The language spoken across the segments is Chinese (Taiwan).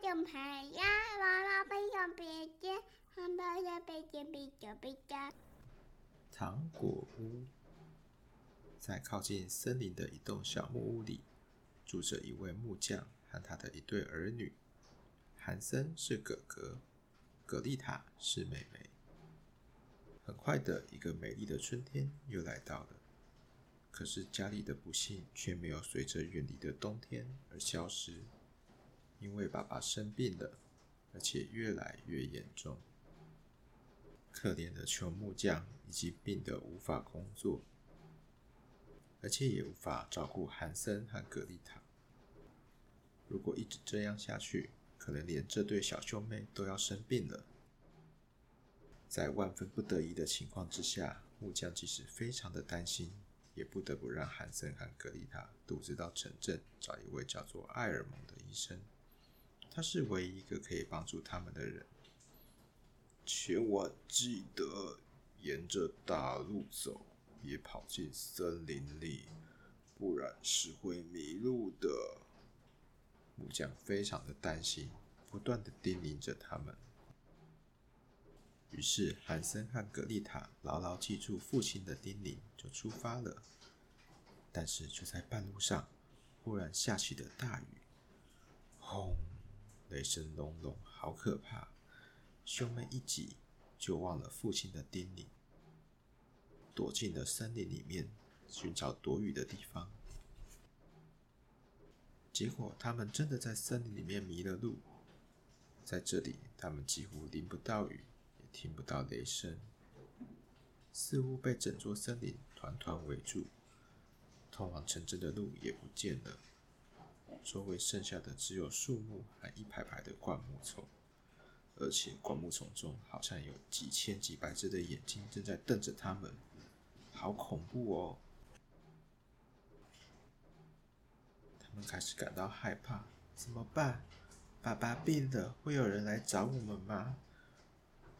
正拍呀，娃娃背上背肩，上背上着背肩。糖果屋，在靠近森林的一棟小木屋裡，住着一位木匠和他的一對兒女。韓森是哥哥，葛麗塔是妹妹。很快的，一個美麗的春天又來到了，可是家裡的不幸卻沒有隨着遠離的冬天而消失。因為爸爸生病了，而且越來越嚴重，可憐的窮木匠已經病得無法工作，而且也無法照顧漢森和格麗塔。如果一直這樣下去，可能連這對小兄妹都要生病了。在萬分不得已的情況之下，木匠即使非常的擔心，也不得不讓漢森和格麗塔獨自到城鎮找一位叫做艾爾蒙的醫生。他是唯一一個可以幫助他們的人。千萬記得，沿着大路走，別跑進森林裡，不然是會迷路的。木匠非常的擔心，不斷的叮嚀着他們。於是，韓森和格麗塔牢牢記住父親的叮嚀，就出發了。但是，卻在半路上，忽然下起了大雨，轟！雷聲隆隆，好可怕！兄妹一急，就忘了父親的叮嚀，躲進了森林裡面，尋找躲雨的地方。結果，他們真的在森林裡面迷了路。在這裡，他們幾乎淋不到雨，也聽不到雷聲，似乎被整座森林團團圍住，通往城鎮的路也不見了。周圍剩下的只有樹木和一排排的灌木叢，而且灌木叢中好像有幾千幾百隻的眼睛正在瞪着他們，好恐怖哦！他們開始感到害怕，怎麼辦？爸爸病了，會有人來找我們嗎？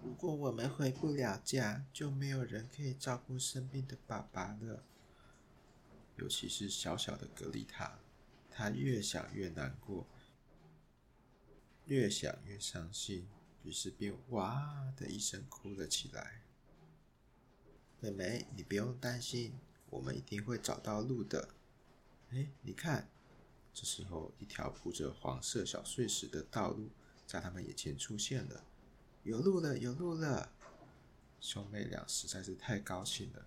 如果我們回不了家，就沒有人可以照顧生病的爸爸了，尤其是小小的格麗塔。他越想越難過，越想越傷心，於是便哇的一聲哭了起來。妹妹，你不用擔心，我們一定會找到路的。哎、欸，你看，這時候一條鋪着黃色小碎石的道路在他們眼前出現了，有路了，有路了！兄妹倆實在是太高興了，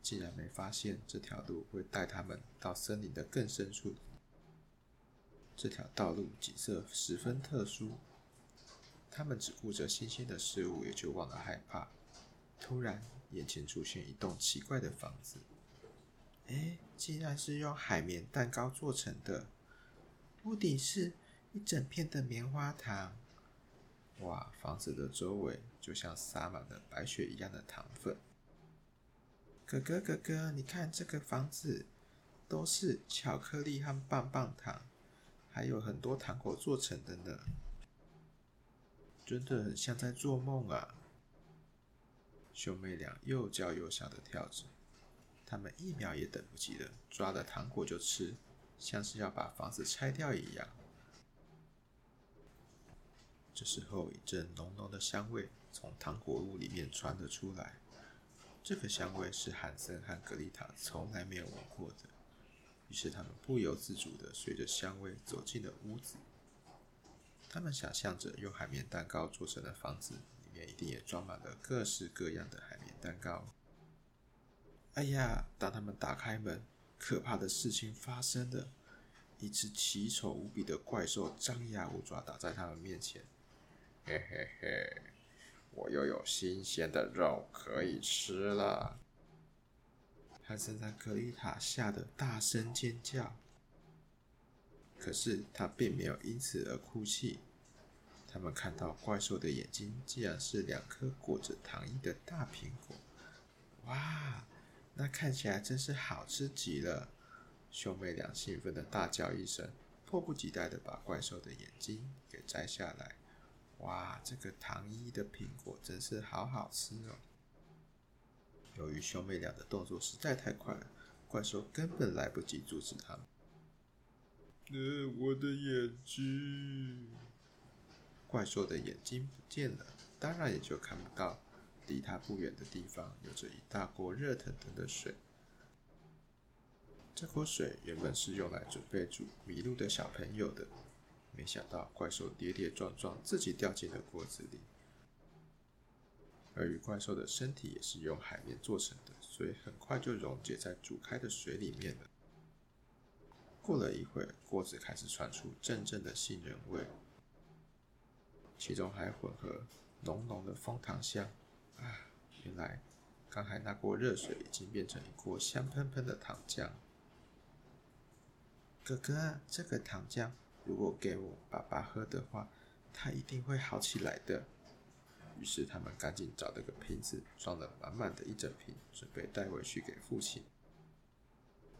竟然沒發現這條路會帶他們到森林的更深處。這條道路景色十分特殊，他們只顧着新鮮的事物，也就忘了害怕。突然，眼前出現一棟奇怪的房子，哎，竟然是用海綿蛋糕做成的，屋頂是一整片的棉花糖，哇，房子的周圍就像撒滿了白雪一樣的糖粉。哥哥，哥哥，你看這個房子，都是巧克力和棒棒糖。還有很多糖果做成的呢，真的很像在做夢啊！兄妹倆又叫又笑的跳着，他們一秒也等不及了，抓了糖果就吃，像是要把房子拆掉一樣。這時候，一陣濃濃的香味從糖果屋裡面傳了出來，這個香味是漢森和格麗塔從來沒有聞過的。於是他們不由自主的隨着香味走進了屋子。他們想象着用海綿蛋糕做成的房子，裡面一定也裝滿了各式各樣的海綿蛋糕。哎呀！當他們打開門，可怕的事情發生了。一隻奇醜無比的怪獸張牙舞爪打在他們面前。嘿嘿嘿，我又有新鮮的肉可以吃了。他正在格麗塔嚇得大聲尖叫，可是他並沒有因此而哭泣。他們看到怪獸的眼睛竟然是兩顆裹着糖衣的大蘋果，哇，那看起來真是好吃極了！兄妹倆興奮地大叫一聲，迫不及待地把怪獸的眼睛給摘下來。哇，這個糖衣的蘋果真是好好吃哦！由於兄妹倆的動作實在太快了，怪獸根本來不及阻止他們。嗯、欸，我的眼睛！怪獸的眼睛不見了，當然也就看不到。離他不遠的地方，有着一大鍋熱騰騰的水。這鍋水原本是用來準備煮迷路的小朋友的，沒想到怪獸跌跌撞撞，自己掉進了鍋子裡。而魚怪獸的身體也是由海綿做成的，所以很快就溶解在煮開的水裡面了。過了一會，鍋子開始傳出陣陣的杏仁味，其中還混合濃濃的楓糖香。啊，原來剛才那鍋熱水已經變成一鍋香噴噴的糖漿。哥哥啊，這個糖漿如果給我爸爸喝的話，他一定會好起來的。於是他們趕緊找了個瓶子，裝了滿滿的一整瓶，準備帶回去給父親。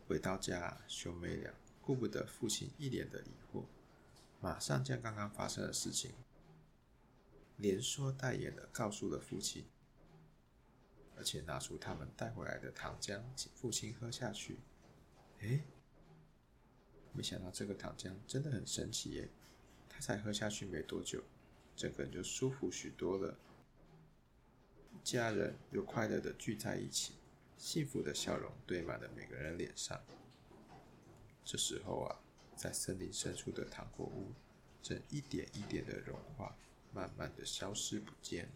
回到家，兄妹倆顧不得父親一臉的疑惑，馬上將剛剛發生的事情連說帶演的告訴了父親，而且拿出他們帶回來的糖漿，請父親喝下去。哎，沒想到這個糖漿真的很神奇耶！他才喝下去沒多久。整個人就舒服許多了，家人又快樂的聚在一起，幸福的笑容堆滿了每個人臉上。這時候啊，在森林深處的糖果屋，正一點一點的融化，慢慢的消失不見。